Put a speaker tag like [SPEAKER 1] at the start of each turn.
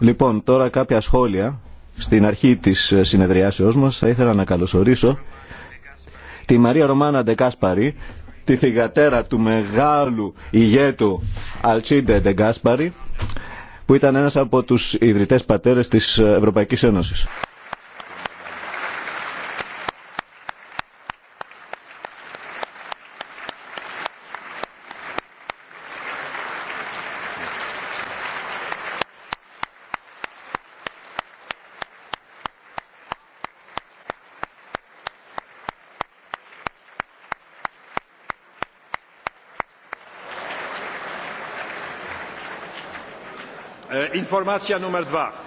[SPEAKER 1] Λοιπόν, τώρα κάποια σχόλια. Στην αρχή της ε, συνεδριάσεώς μας θα ήθελα να καλωσορίσω τη Μαρία Ρωμάνα Ντεκάσπαρη, τη θυγατέρα του μεγάλου ηγέτου Αλτσίντε Ντεκάσπαρη, που ήταν ένας από τους ιδρυτές πατέρες της ε, Ευρωπαϊκής Ένωσης.
[SPEAKER 2] Informacja numer 2.